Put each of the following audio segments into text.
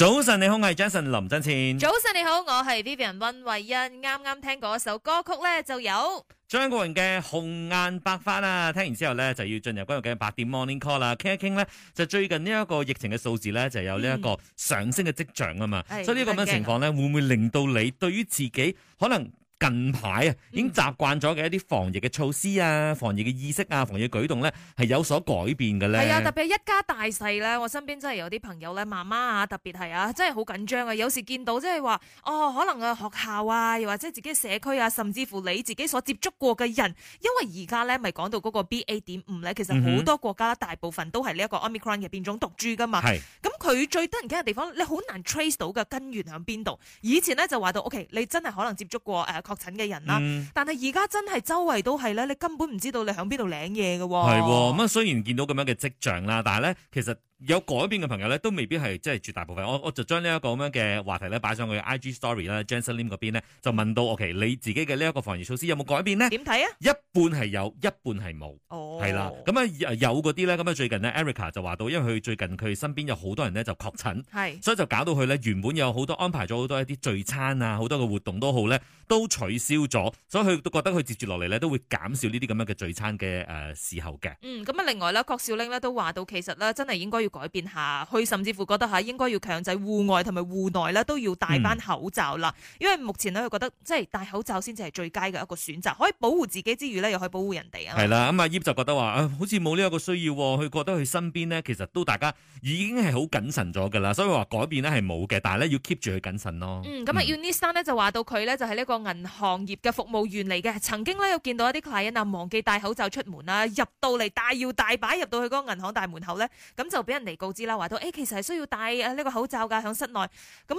早晨，你好，我係 Jason 林振前。早晨，你好，我係 Vivian 溫慧欣。啱啱聽嗰首歌曲咧，就有張國榮嘅《紅顏白髮》啦。聽完之後咧，就要進入今日嘅八點 Morning Call 啦。傾一傾咧，就最近呢一個疫情嘅數字咧，就有呢一個上升嘅跡象啊嘛。嗯、所以呢個咁樣情況咧，會唔會令到你對於自己可能？近排啊，已經習慣咗嘅一啲防疫嘅措施啊、防疫嘅意識啊、防疫舉動咧，係有所改變嘅咧。係啊，特別係一家大細咧，我身邊真係有啲朋友咧，媽媽啊，特別係啊，真係好緊張啊。有時見到即係話，哦，可能啊學校啊，又或者自己社區啊，甚至乎你自己所接觸過嘅人，因為而家咧咪講到嗰個 BA 點五咧，其實好多國家、嗯、哼大部分都係呢一個 Omicron 嘅變種毒株噶嘛。係。佢最得人驚嘅地方，你好難 trace 到嘅根源喺邊度。以前咧就話到，OK，你真係可能接觸過誒確診嘅人啦。嗯、但係而家真係周圍都係咧，你根本唔知道你喺邊度領嘢嘅、哦哦。係咁啊！雖然見到咁樣嘅跡象啦，但係咧其實。有改變嘅朋友咧，都未必係即係絕大部分。我我就將呢一個咁樣嘅話題咧，擺上去 IG Story 啦，Jensen Lim 嗰邊咧就問到，OK，你自己嘅呢一個防疫措施有冇改變呢？點睇啊？一半係有，一半係冇。哦，係啦。咁、嗯、啊，有嗰啲咧，咁啊最近呢 Erica 就話到，因為佢最近佢身邊有好多人咧就確診，係，所以就搞到佢咧原本有好多安排咗好多一啲聚餐啊，好多嘅活動都好咧，都取消咗。所以佢都覺得佢接住落嚟咧，都會減少呢啲咁樣嘅聚餐嘅誒時候嘅。呃、嗯，咁啊，另外咧，郭少玲咧都話到其呢，其實咧真係應該要。改變下去，甚至乎覺得嚇應該要強制戶外同埋戶內咧都要戴翻口罩啦。嗯、因為目前咧，佢覺得即係戴口罩先至係最佳嘅一個選擇，可以保護自己之餘咧，又可以保護人哋啊。係啦、嗯，咁阿 Y 就覺得話好似冇呢一個需要。佢覺得佢身邊咧，其實都大家已經係好謹慎咗㗎啦，所以話改變咧係冇嘅，但係咧要 keep 住佢謹慎咯。咁啊，Unison 咧就話到佢呢，就係呢個銀行業嘅服務員嚟嘅，曾經呢，有見到一啲客人啊忘記戴口罩出門啦，入到嚟大搖大擺入到去嗰個銀行大門口咧，咁就俾嚟告知啦，話到誒，其實係需要戴誒呢個口罩噶，喺室內。咁啊，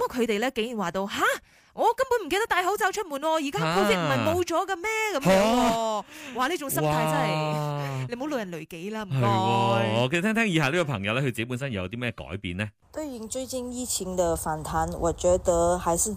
佢哋咧竟然話到吓，我根本唔記得戴口罩出門，而家嗰啲唔係冇咗嘅咩？咁樣，哇！呢種心態真係，你唔好累人累己啦。唔該。我其實聽聽以下呢個朋友咧，佢自己本身有啲咩改變呢？對於最近疫情嘅反彈，我覺得還是。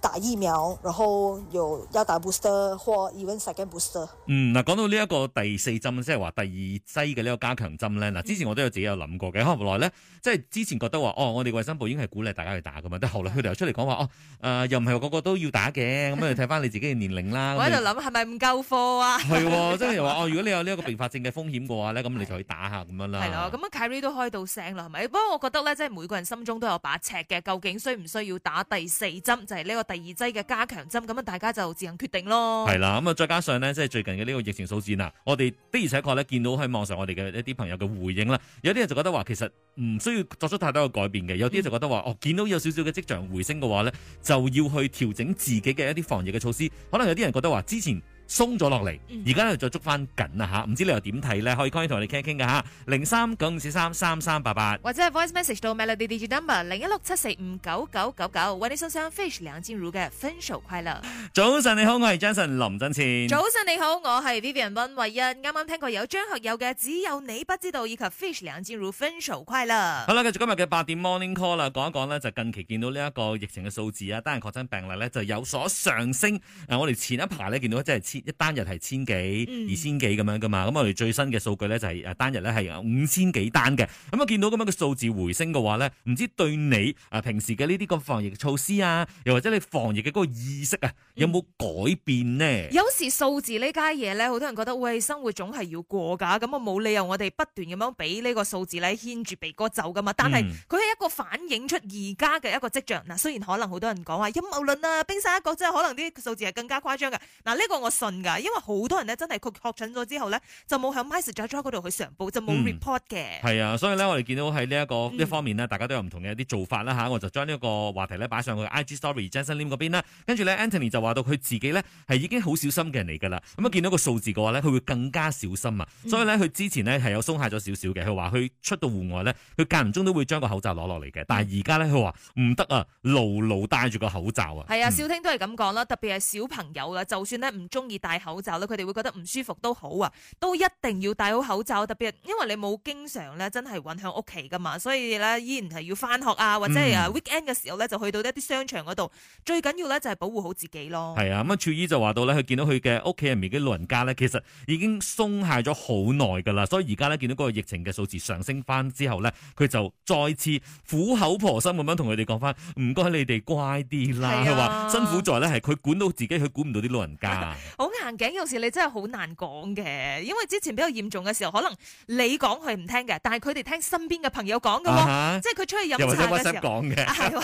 打疫苗，然後又要打 booster 或 even second booster 嗯，嗱講到呢一個第四針，即係話第二劑嘅呢個加強針咧。嗱，之前我都有自己有諗過嘅，後來咧，即係之前覺得話哦，我哋衞生部已該已經係鼓勵大家去打噶嘛。但係後來佢哋又出嚟講話哦，誒、呃、又唔係個個都要打嘅，咁你睇翻你自己嘅年齡啦。 我喺度諗係咪唔夠貨啊？係喎、哦， 即係又話哦，如果你有呢一個併發症嘅風險嘅話咧，咁你就可以打下咁 樣啦。係咯，咁啊 Kerry 都開到聲啦，係咪？不，不過我覺得咧，即係每個人心中都有把尺嘅，究竟需唔需要打第四針，就係、是、呢個第。二劑嘅加強針，咁啊大家就自行決定咯。係啦，咁啊再加上咧，即係最近嘅呢個疫情數字啊，我哋的而且確咧見到喺網上我哋嘅一啲朋友嘅回應啦，有啲人就覺得話其實唔需要作出太多嘅改變嘅，有啲就覺得話哦，見到有少少嘅跡象回升嘅話咧，就要去調整自己嘅一啲防疫嘅措施，可能有啲人覺得話之前。鬆咗落嚟，而家咧又再捉翻緊啦吓，唔知你又點睇呢？可以 kindly 同我哋傾一傾噶吓，零三九五四三三三八八，或者係 voice message 到 melody DJ number 零一六七四五九九九九，為你送上 fish 梁靜茹嘅分手快樂。早晨你好，我係 Jason 林振前。早晨你好，我係 Vivian 溫慧欣。啱啱聽過有張學友嘅《只有你不知道》，以及 fish 梁靜茹《分手快樂》。好啦，繼續今日嘅八點 morning call 啦，講一講呢，就近期見到呢一個疫情嘅數字啊，單人確診病例呢就有所上升。誒、呃，我哋前一排呢見到即係。一單日係千幾、二千幾咁樣噶嘛？咁我哋最新嘅數據咧就係誒單日咧係五千幾單嘅。咁啊見到咁樣嘅數字回升嘅話咧，唔知對你啊平時嘅呢啲個防疫措施啊，又或者你防疫嘅嗰個意識啊，有冇改變呢？嗯、有時數字呢家嘢咧，好多人覺得，喂，生活總係要過噶，咁我冇理由我哋不斷咁樣俾呢個數字咧牽住鼻哥走噶嘛。但係佢係一個反映出而家嘅一個跡象嗱。雖然可能好多人講話陰謀論啊、冰山一角，即係可能啲數字係更加誇張嘅。嗱、這、呢個我。因為好多人咧，真係確確診咗之後咧，就冇喺 MySejahtera 嗰度去上報，就冇 report 嘅。係、嗯、啊，所以咧、這個，我哋見到喺呢一個一方面呢，大家都有唔同嘅一啲做法啦嚇、啊。我就將呢一個話題咧擺上去 IG Story Justin Lim 嗰邊啦。跟住咧，Anthony 就話到佢自己咧係已經好小心嘅人嚟㗎啦。咁、啊、一見到個數字嘅話咧，佢會更加小心啊。所以咧，佢、嗯、之前呢係有鬆懈咗少少嘅。佢話佢出到戶外咧，佢間唔中都會將個口罩攞落嚟嘅。但係而家咧，佢話唔得啊，牢牢戴住個口罩啊。係、嗯、啊，少聽都係咁講啦，特別係小朋友啊，就算咧唔中意，戴口罩咧，佢哋會覺得唔舒服都好啊，都一定要戴好口罩。特別，因為你冇經常咧，真係韞喺屋企噶嘛，所以咧依然係要翻學啊，或者係 weekend 嘅時候咧，就去到一啲商場嗰度。嗯、最緊要咧就係保護好自己咯。係啊、嗯，咁、嗯、啊，處醫就話到咧，佢見到佢嘅屋企人面嘅老人家咧，其實已經鬆懈咗好耐噶啦，所以而家咧見到嗰個疫情嘅數字上升翻之後咧，佢就再次苦口婆心咁樣同佢哋講翻，唔該你哋乖啲啦。佢話、啊、辛苦在咧係佢管到自己，佢管唔到啲老人家。 好眼鏡有時你真係好難講嘅，因為之前比較嚴重嘅時候，可能你講佢唔聽嘅，但係佢哋聽身邊嘅朋友講嘅，uh、huh, 即係佢出去飲茶嘅時候講嘅，係講、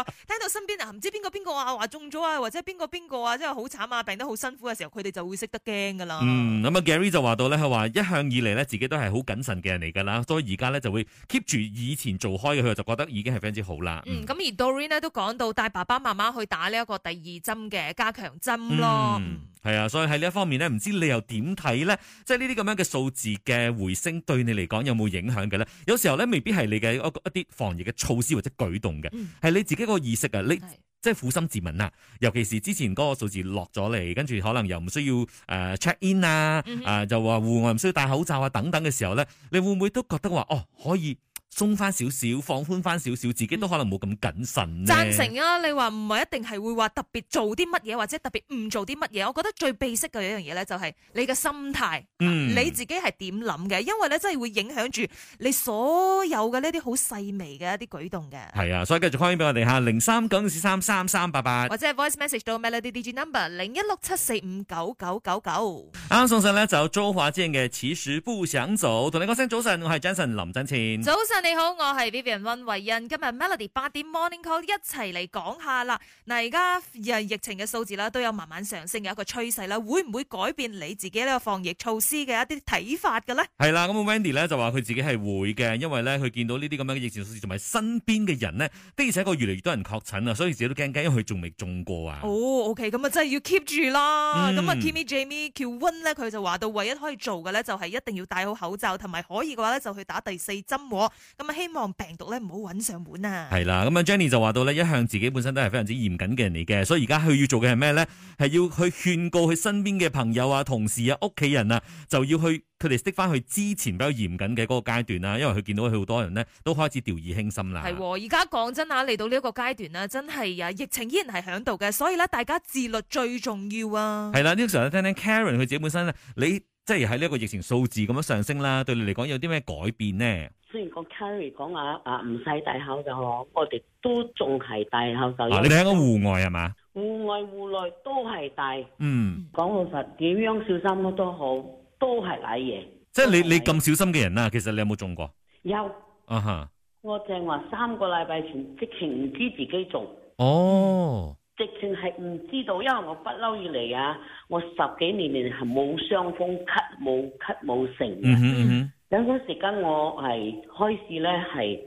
啊，聽到身邊啊唔知邊個邊個啊話中咗啊，或者邊個邊個啊即係好慘啊，病得好辛苦嘅時候，佢哋就會識得驚噶啦。咁啊、嗯、Gary 就話到咧，佢話一向以嚟咧自己都係好謹慎嘅人嚟噶啦，所以而家咧就會 keep 住以前做開嘅，佢就覺得已經係非常之好啦。咁、嗯嗯、而 Dorin 呢，都講到帶爸爸媽媽去打呢一個第二針嘅加強針咯。嗯係啊，所以喺呢一方面咧，唔知你又點睇咧？即係呢啲咁樣嘅數字嘅回升，對你嚟講有冇影響嘅咧？有時候咧，未必係你嘅一一啲防疫嘅措施或者舉動嘅，係、嗯、你自己個意識啊，你是即係苦心自問啊。尤其是之前嗰個數字落咗嚟，跟住可能又唔需要誒、呃、check in 啊、呃，啊就話戶外唔需要戴口罩啊等等嘅時候咧，你會唔會都覺得話哦可以？鬆翻少少，放寬翻少少，自己都可能冇咁謹慎。贊成啊！你話唔係一定係會話特別做啲乜嘢，或者特別唔做啲乜嘢。我覺得最避忌嘅一樣嘢咧，就係你嘅心態，你自己係點諗嘅，因為咧真係會影響住你所有嘅呢啲好細微嘅一啲舉動嘅。係啊，所以繼續開音俾我哋吓，零三九四三三三八八，或者係 voice message 到 melody DJ number 零一六七四五九九九九。啱送上咧就有周華健嘅《其實不想走》。同你講聲早晨，我係 Jensen 林振錢。早晨。你好，我係 Vivian Wen 維恩。今日 Melody 八點 Morning Call 一齊嚟講下啦。嗱而家疫疫情嘅數字咧都有慢慢上升嘅一個趨勢啦，會唔會改變你自己呢個防疫措施嘅一啲睇法嘅咧？係啦，咁 Wendy 咧就話佢自己係會嘅，因為咧佢見到呢啲咁樣嘅疫情數字同埋身邊嘅人呢的而且個越嚟越多人確診啊，所以自己都驚驚，因為佢仲未中過啊。哦，OK，咁啊真係要 keep 住啦。咁啊，Kimmy Jamie Callum 咧，佢就話到唯一可以做嘅咧就係一定要戴好口罩，同埋可以嘅話咧就去打第四針喎。咁啊，希望病毒咧唔好揾上門啊！係啦，咁啊，Jenny 就話到咧，一向自己本身都係非常之嚴謹嘅人嚟嘅，所以而家佢要做嘅係咩咧？係要去勸告佢身邊嘅朋友啊、同事啊、屋企人啊，就要去佢哋識翻佢之前比較嚴謹嘅嗰個階段啊，因為佢見到佢好多人咧都開始掉以輕心啦。係，而家講真啊，嚟到呢一個階段啦，真係啊，疫情依然係響度嘅，所以咧大家自律最重要啊！係啦，呢個時候咧，聽聽 Karen 佢自己本身咧，你。即係喺呢一個疫情數字咁樣上升啦，對你嚟講有啲咩改變呢？雖然個 Carrie 講話啊，唔使戴口罩，我哋都仲係戴口罩。你哋喺個戶外係嘛？戶外、戶內都係戴。嗯，講老實，點樣小心都好，都係瀨嘢。即係你你咁小心嘅人啦，其實你有冇中過？有。啊哈！我正話三個禮拜前之前唔知自己中。哦。直情係唔知道，因為我不嬲以嚟啊！我十幾年嚟係冇傷風咳，冇咳冇成嘅。咁嗰時間我係開始咧係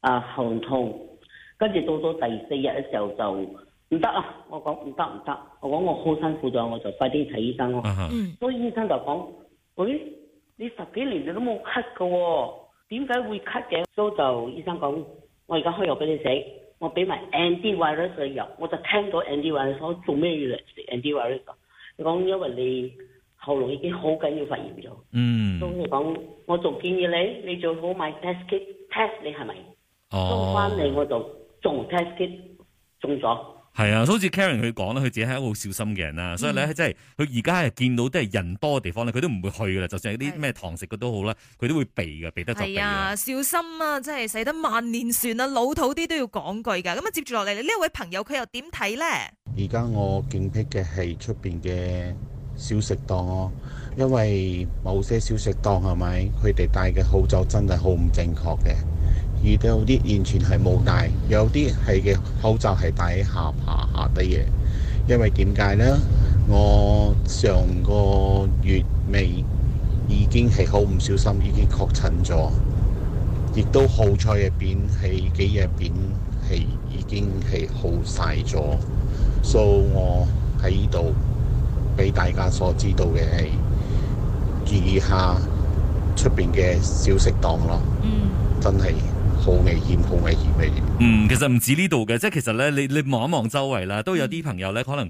啊喉痛，跟住到到第四日嘅時候就唔得啊。我講唔得唔得，我講我好辛苦咗，我就快啲睇醫生咯。Uh huh. 所以醫生就講，喂，哎，你十幾年你都冇咳嘅，點解會咳嘅？都就醫生講，我而家開藥俾你食。我俾埋 antivirus 嘅藥，我就聽到 antivirus，我做咩要嚟食 antivirus 㗎？你講因為你喉嚨已經好緊要發炎咗，嗯，咁你講我仲建議你，你最好買 test kit test，你係咪？哦，中翻你我就仲 test kit，中咗。係啊，好似 Karen 佢講啦，佢自己係一個好小心嘅人啊。嗯、所以咧即係佢而家係見到即係人多嘅地方咧，佢都唔會去噶啦，就算有啲咩堂食嘅都好啦，佢都會避嘅，避得就避。啊，小心啊，即係駛得萬年船啊，老土啲都要講句噶。咁啊，接住落嚟呢一位朋友佢又點睇咧？而家我警惕嘅係出邊嘅小食檔咯，哦，因為某些小食檔係咪佢哋帶嘅口罩真係好唔正確嘅。遇到啲完全係冇戴，有啲係嘅口罩係戴喺下巴下低嘅，因為點解咧？我上個月尾已經係好唔小心已經確診咗，亦都好彩入邊係幾日邊係已經係好曬咗，所、so、以我喺呢度俾大家所知道嘅係注意下出邊嘅消息當咯，mm. 真係。好危險，好危險，危險。嗯，其實唔止呢度嘅，即係其實咧，你你望一望周圍啦，都有啲朋友咧，可能。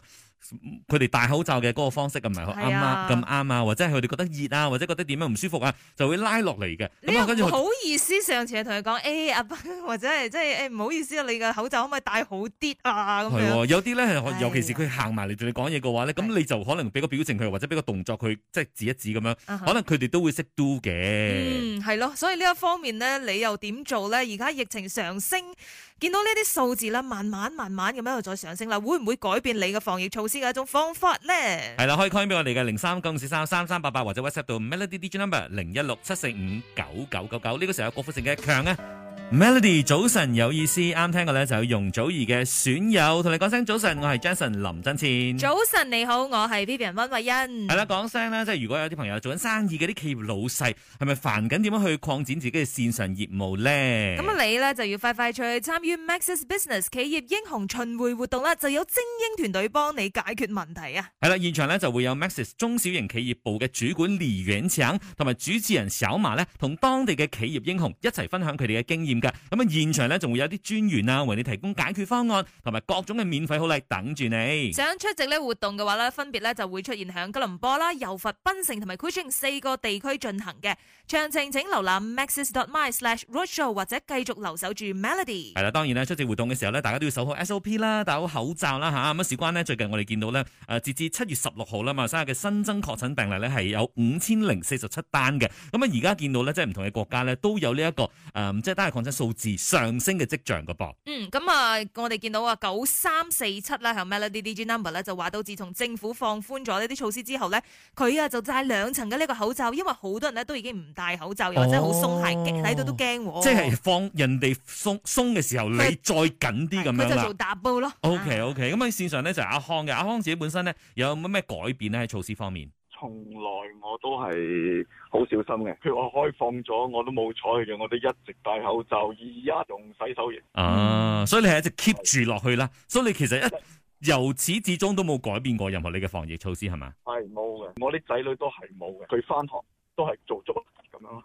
佢哋戴口罩嘅嗰個方式咁唔係好啱啊，咁啱啊，或者係佢哋覺得熱啊，或者覺得點樣唔舒服啊，就會拉落嚟嘅。咁啊這個 後，跟住好意思上次啊，同佢講誒，阿或者係即係誒，唔、就是哎、好意思啊，你嘅口罩可唔可以戴好啲啊？咁、啊、樣有啲咧係，哎、呀尤其是佢行埋嚟同你講嘢嘅話咧，咁、啊、你就可能俾個表情佢，或者俾個動作佢，即、就、係、是、指一指咁樣，uh、huh, 可能佢哋都會識 do 嘅。嗯，係咯，所以呢一方面咧，你又點做咧？而家疫情上升。見到呢啲數字啦，慢慢慢慢咁一路再上升啦，會唔會改變你嘅防疫措施嘅一種方法咧？係啦，可以 call 俾我哋嘅零三九四三三三八八，03, 94, 88, 或者 WhatsApp 到 Melody DJ number 零一六七四五九九九九，呢個時候有郭富城嘅強啊！Melody，早晨有意思，啱聽過咧，就容祖兒嘅損友，同你講聲早晨，我係 Jason 林振前。早晨你好，我係 Vivian 溫慧欣。係啦，講聲啦，即係如果有啲朋友做緊生意嗰啲企業老細，係咪煩緊點樣去擴展自己嘅綫上業務呢？咁你呢就要快快脆去參與 Maxis Business 企業英雄巡迴活動啦，就有精英團隊幫你解決問題啊！係啦，現場呢就會有 Maxis 中小型企業部嘅主管李遠強同埋主持人小馬呢，同當地嘅企業英雄一齊分享佢哋嘅經驗。咁啊，現場呢，仲會有啲專員啊，為你提供解決方案，同埋各種嘅免費好禮等住你。想出席呢活動嘅話呢，分別呢就會出現喺吉隆坡啦、柔佛、賓城同埋古晉四個地區進行嘅。詳情請瀏覽 maxis.com/roadshow 或者繼續留守住 melody。係啦，當然啦，出席活動嘅時候呢，大家都要守好 SOP 啦，戴好口罩啦嚇。咁啊，事關呢，最近我哋見到呢，誒截至七月十六號啦嘛，生日嘅新增確診病例呢係有五千零四十七單嘅。咁啊，而家見到呢，即係唔同嘅國家呢，都有呢、這、一個誒，即、呃、係、就是、單係數字上升嘅跡象嗰噃，嗯，嗯，咁，嗯，啊，我哋見到啊，九三四七啦，係咪咧啲 G number 咧，就話到自從政府放寬咗呢啲措施之後咧，佢啊就戴兩層嘅呢個口罩，因為好多人咧都已經唔戴口罩，又或者好鬆懈，睇到、哦、都驚。即係放人哋鬆鬆嘅時候，你再緊啲咁樣佢就做 double 咯。OK OK，咁喺線上咧就係阿康嘅，阿康自己本身咧有乜咩改變咧喺措施方面？從來我都係好小心嘅。譬如話開放咗，我都冇睬嘅，我都一直戴口罩，而家用洗手液。啊，所以你係一直 keep 住落去啦。的所以你其實一由始至終都冇改變過任何你嘅防疫措施，係嘛？係冇嘅，我啲仔女都係冇嘅。佢翻學都係做足。做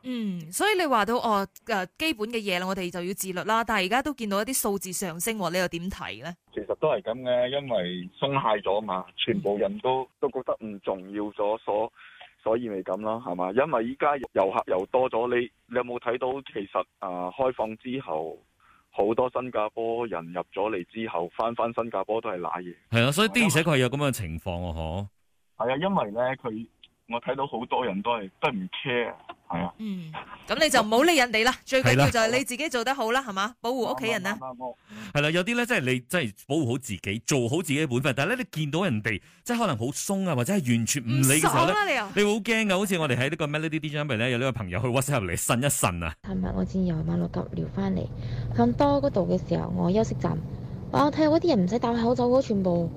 嗯，所以你話到哦，誒，基本嘅嘢啦，我哋就要自律啦。但係而家都見到一啲數字上升，你又點睇呢？其實都係咁嘅，因為鬆懈咗嘛，全部人都都覺得唔重要咗，所以所以咪咁咯，係嘛？因為依家遊客又多咗，你你有冇睇到？其實誒，呃，開放之後好多新加坡人入咗嚟之後，翻翻新加坡都係瀨嘢係啊，所以啲而且確係有咁嘅情況哦，嗬？係啊，因為呢，佢我睇到好多人都係得唔 care。係嗯，咁你就唔好理人哋啦，最緊要就係你自己做得好啦，係嘛係嘅，保護屋企人啦。係啦，有啲咧，即係你即係保護好自己，做好自己嘅本分。但係咧，你見到人哋即係可能好鬆啊，或者係完全唔理嘅你，你會好驚噶。好似我哋喺呢個 melody dj 咪、um、有呢個朋友去 WhatsApp 入嚟呻一呻啊。琴日我先由馬六甲聊翻嚟，向多嗰度嘅時候，我休息站，我睇嗰啲人唔使戴口罩嗰全部。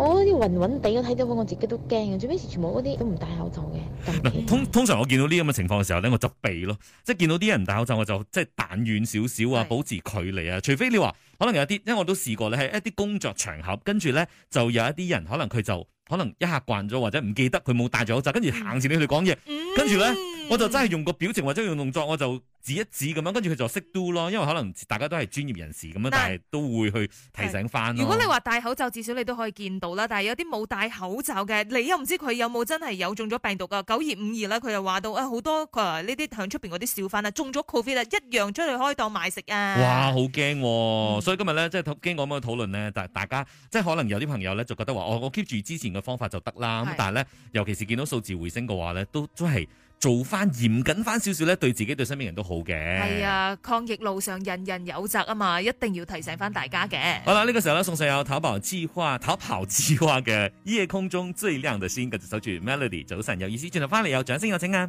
我嗰啲混混地，我睇到我自己都驚嘅。最尾全部嗰啲都唔戴口罩嘅。通通常我見到呢咁嘅情況嘅時候咧，我就避咯，即係見到啲人戴口罩，我就即係彈遠少少啊，保持距離啊。除非你話可能有啲，因為我都試過你喺一啲工作場合，跟住咧就有一啲人可能佢就可能一下慣咗，或者唔記得佢冇戴住口罩，跟住行前你哋講嘢，跟住咧。嗯我就真係用個表情或者用動作，我就指一指咁樣，跟住佢就識 do 咯。因為可能大家都係專業人士咁樣，啊、但係都會去提醒翻。如果你話戴口罩，至少你都可以見到啦。但係有啲冇戴口罩嘅，你又唔知佢有冇真係有中咗病毒噶。九二五二咧，佢又話到啊，好多啊呢啲響出邊嗰啲小販啊，中咗 COVID 啦，一樣出去開檔賣食啊。哇，好驚、哦！嗯、所以今日咧，即係經過咁嘅討論咧，大大家即係可能有啲朋友咧就覺得話我我 keep 住之前嘅方法就得啦。咁的但係咧，尤其是見到數字回升嘅話咧，都都係。做翻嚴謹翻少少咧，對自己對身邊人都好嘅。係啊，抗疫路上人人有責啊嘛，一定要提醒翻大家嘅。好啦，呢、這個時候咧送上有划「逃跑計劃，逃跑計劃嘅夜空中最亮的星嘅守住 Melody 早晨有意思，轉頭翻嚟有掌聲有請啊！